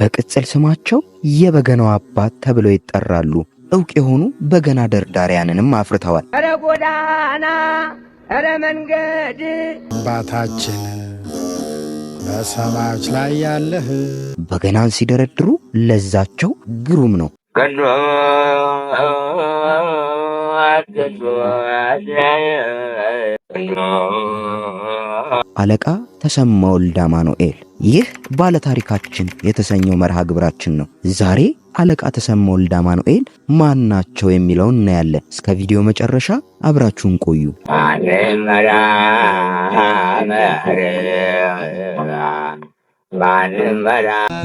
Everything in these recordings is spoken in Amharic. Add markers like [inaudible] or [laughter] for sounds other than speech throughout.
በቅጽል ስማቸው የበገናው አባት ተብለው ይጠራሉ። እውቅ የሆኑ በገና ደርዳሪያንንም አፍርተዋል። ኧረ ጎዳና፣ ኧረ መንገድ አባታችን በሰማዮች ላይ ያለህ በገናን ሲደረድሩ ለዛቸው ግሩም ነው። አለቃ ተሰማ ወልደ አማኑኤል ይህ ባለታሪካችን የተሰኘው መርሃ ግብራችን ነው። ዛሬ አለቃ ተሰማ ወልደ አማኑኤል ማን ናቸው የሚለውን እናያለን። እስከ ቪዲዮ መጨረሻ አብራችሁን ቆዩ።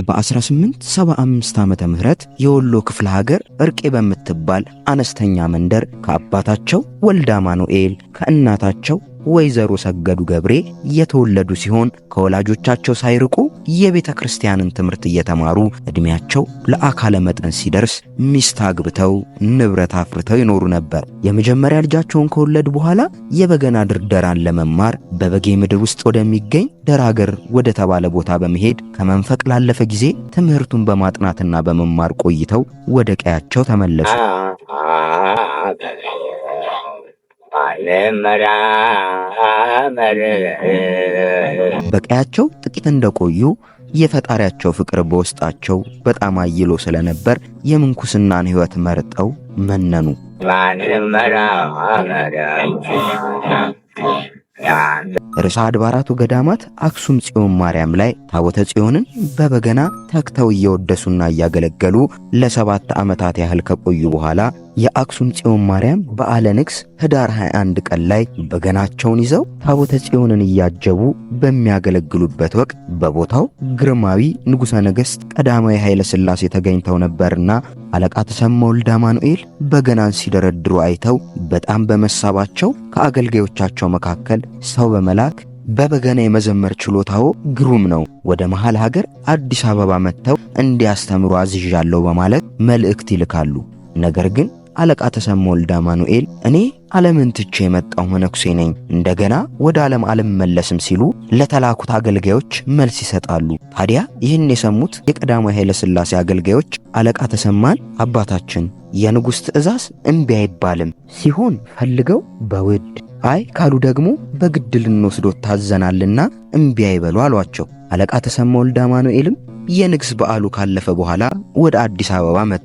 በ1875 ዓመተ ምህረት የወሎ ክፍለ ሀገር እርቄ በምትባል አነስተኛ መንደር ከአባታቸው ወልደ አማኑኤል ከእናታቸው ወይዘሮ ሰገዱ ገብሬ የተወለዱ ሲሆን ከወላጆቻቸው ሳይርቁ የቤተ ክርስቲያንን ትምህርት እየተማሩ ዕድሜያቸው ለአካለ መጠን ሲደርስ ሚስት አግብተው ንብረት አፍርተው ይኖሩ ነበር። የመጀመሪያ ልጃቸውን ከወለዱ በኋላ የበገና ድርደራን ለመማር በበጌ ምድር ውስጥ ወደሚገኝ ደራገር ወደ ተባለ ቦታ በመሄድ ከመንፈቅ ላለፈ ጊዜ ትምህርቱን በማጥናትና በመማር ቆይተው ወደ ቀያቸው ተመለሱ። [laughs] በቀያቸው ጥቂት እንደቆዩ የፈጣሪያቸው ፍቅር በውስጣቸው በጣም አይሎ ስለነበር የምንኩስናን ሕይወት መርጠው መነኑ። ርዕሰ አድባራቱ ገዳማት አክሱም ጽዮን ማርያም ላይ ታቦተ ጽዮንን በበገና ተክተው እየወደሱና እያገለገሉ ለሰባት ዓመታት ያህል ከቆዩ በኋላ የአክሱም ጽዮን ማርያም በዓለ ንግሥ ኅዳር 21 ቀን ላይ በገናቸውን ይዘው ታቦተ ጽዮንን እያጀቡ በሚያገለግሉበት ወቅት በቦታው ግርማዊ ንጉሠ ነገሥት ቀዳማዊ ኃይለ ሥላሴ ተገኝተው ነበርና አለቃ ተሰማ ወልደ አማኑኤል በገናን ሲደረድሩ አይተው በጣም በመሳባቸው ከአገልጋዮቻቸው መካከል ሰው በመላክ በበገና የመዘመር ችሎታው ግሩም ነው፣ ወደ መሃል ሀገር አዲስ አበባ መጥተው እንዲያስተምሩ አዝዣለሁ በማለት መልእክት ይልካሉ። ነገር ግን አለቃ ተሰማ ወልደ አማኑኤል እኔ ዓለምን ትቼ የመጣው መነኩሴ ነኝ፣ እንደገና ወደ ዓለም አልመለስም ሲሉ ለተላኩት አገልጋዮች መልስ ይሰጣሉ። ታዲያ ይህን የሰሙት የቀዳማዊ ኃይለ ሥላሴ አገልጋዮች አለቃ ተሰማን አባታችን፣ የንጉሥ ትእዛዝ እምቢ አይባልም፣ ሲሆን ፈልገው በውድ አይ ካሉ ደግሞ በግድ ልንወስዶ ታዘናልና እምቢ አይበሉ አሏቸው። አለቃ ተሰማ ወልደ አማኑኤልም የንግስ በዓሉ ካለፈ በኋላ ወደ አዲስ አበባ መጣ።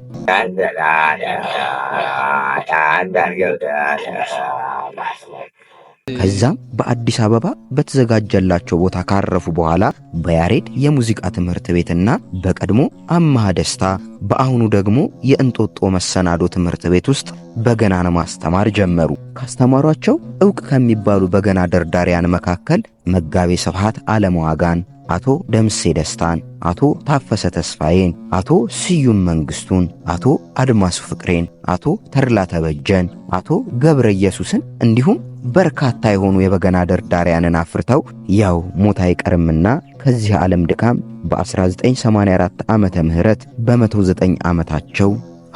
ከዛም በአዲስ አበባ በተዘጋጀላቸው ቦታ ካረፉ በኋላ በያሬድ የሙዚቃ ትምህርት ቤትና በቀድሞ አማሃ ደስታ በአሁኑ ደግሞ የእንጦጦ መሰናዶ ትምህርት ቤት ውስጥ በገናን ማስተማር ጀመሩ። ካስተማሯቸው እውቅ ከሚባሉ በገና ደርዳሪያን መካከል መጋቤ ስብሐት አለመዋጋን አቶ ደምሴ ደስታን፣ አቶ ታፈሰ ተስፋዬን፣ አቶ ስዩም መንግስቱን፣ አቶ አድማሱ ፍቅሬን፣ አቶ ተድላ ተበጀን፣ አቶ ገብረ ኢየሱስን እንዲሁም በርካታ የሆኑ የበገና ደርዳሪያንን አፍርተው ያው ሞት አይቀርምና ከዚህ ዓለም ድካም በ1984 ዓመተ ምህረት በ109 ዓመታቸው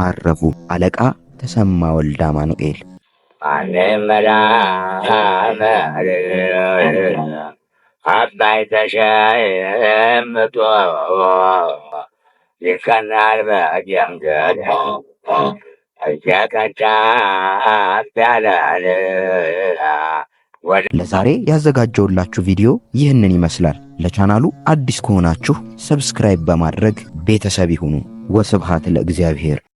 አረፉ። አለቃ ተሰማ ወልደ አማኑኤል አባይ ተሸምጦ ሊከናል በጀምገድ ለዛሬ ያዘጋጀውላችሁ ቪዲዮ ይህንን ይመስላል። ለቻናሉ አዲስ ከሆናችሁ ሰብስክራይብ በማድረግ ቤተሰብ ይሁኑ። ወስብሃት ለእግዚአብሔር።